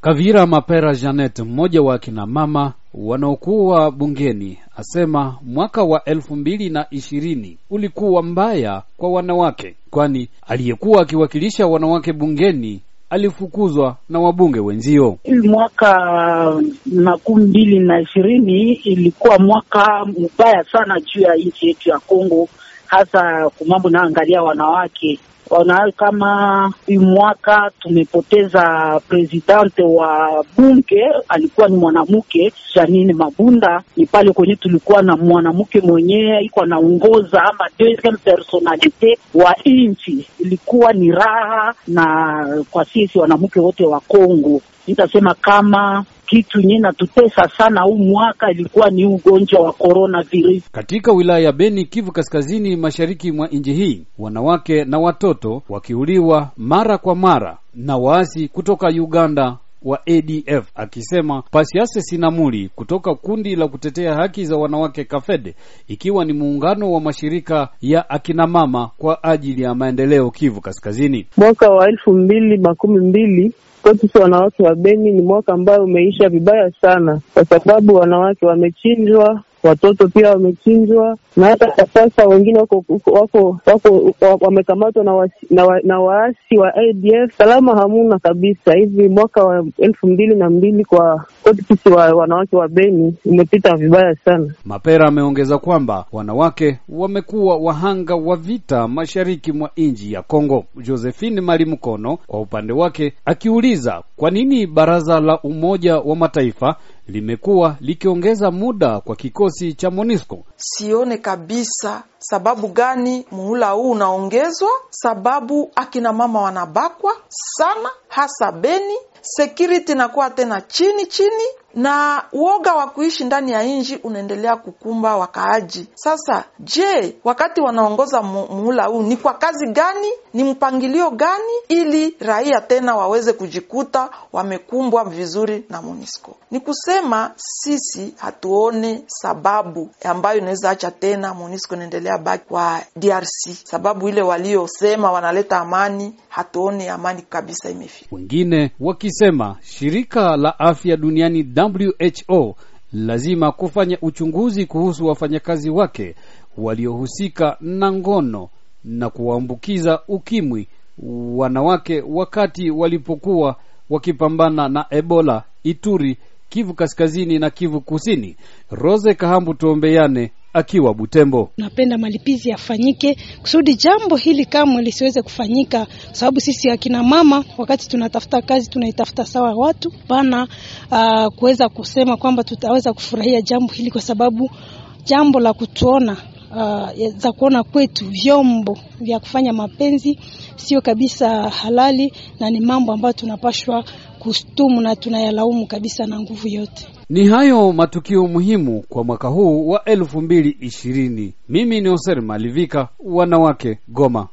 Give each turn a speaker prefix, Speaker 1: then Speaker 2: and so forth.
Speaker 1: Kavira Mapera Janet, mmoja wa kina mama wanaokuwa bungeni, asema mwaka wa elfu mbili na ishirini ulikuwa mbaya kwa wanawake, kwani aliyekuwa akiwakilisha wanawake bungeni alifukuzwa na wabunge wenzio.
Speaker 2: Mwaka makumi mbili na ishirini ilikuwa mwaka mbaya sana juu ya nchi yetu ya Kongo, hasa kumambo inayoangalia wanawake wanayo kama hii mwaka tumepoteza presidente wa bunge, alikuwa ni mwanamke Janine Mabunda. Ni pale kwenye tulikuwa na mwanamke mwenyewe iko anaongoza ama deuxième personalite wa nchi, ilikuwa ni raha na kwa sisi wanamke wote wa Kongo nitasema kama kitu yenye natutesa sana huu mwaka ilikuwa ni ugonjwa wa
Speaker 1: corona virus. Katika wilaya ya Beni, Kivu Kaskazini, mashariki mwa nchi hii, wanawake na watoto wakiuliwa mara kwa mara na waasi kutoka Uganda wa ADF akisema Pasiase Sinamuli kutoka kundi la kutetea haki za wanawake Kafede, ikiwa ni muungano wa mashirika ya akinamama kwa ajili ya maendeleo Kivu Kaskazini.
Speaker 3: Mwaka wa elfu mbili makumi mbili kwetu si wanawake wa Beni ni mwaka ambayo umeisha vibaya sana, kwa sababu wanawake wamechinjwa, watoto pia wamechinjwa, na hata kwa sasa wengine wako wako wako wamekamatwa na, wa, na, wa, na waasi wa ADF. Salama hamuna kabisa. Hivi mwaka wa elfu mbili na mbili kwa kotikisi wa wanawake wa Beni umepita vibaya sana.
Speaker 1: Mapera ameongeza kwamba wanawake wamekuwa wahanga wa vita mashariki mwa nchi ya Kongo. Josephine Malimkono Mkono kwa upande wake akiuliza kwa nini baraza la Umoja wa Mataifa limekuwa likiongeza muda kwa kikosi cha MONUSCO.
Speaker 4: Sione kabisa sababu gani muhula huu unaongezwa, sababu akina mama wanabakwa sana, hasa Beni. Sekuriti inakuwa tena chini chini, na uoga wa kuishi ndani ya nji unaendelea kukumba wakaaji. Sasa je, wakati wanaongoza muhula huu ni kwa kazi gani? Ni mpangilio gani ili raia tena waweze kujikuta wamekumbwa vizuri na MONUSCO? Ni kusema sisi hatuone sababu ambayo inaweza acha tena MONUSCO inaendelea baki kwa DRC, sababu ile waliosema wanaleta amani, hatuone amani kabisa imefika.
Speaker 1: Wengine wakisema shirika la afya duniani WHO lazima kufanya uchunguzi kuhusu wafanyakazi wake waliohusika na ngono na kuwaambukiza ukimwi wanawake wakati walipokuwa wakipambana na Ebola Ituri Kivu Kaskazini na Kivu Kusini. Rose Kahambu, tuombeane akiwa Butembo.
Speaker 5: Napenda malipizi yafanyike kusudi jambo hili kamwe lisiweze kufanyika, kwa sababu sisi akina mama wakati tunatafuta kazi tunaitafuta sawa watu pana, uh, kuweza kusema kwamba tutaweza kufurahia jambo hili, kwa sababu jambo la kutuona uh, za kuona kwetu vyombo vya kufanya mapenzi sio kabisa halali na ni mambo ambayo tunapashwa kustumu na tunayalaumu kabisa na nguvu yote.
Speaker 1: Ni hayo matukio muhimu kwa mwaka huu wa elfu mbili ishirini. Mimi ni Hoser Malivika, wanawake Goma.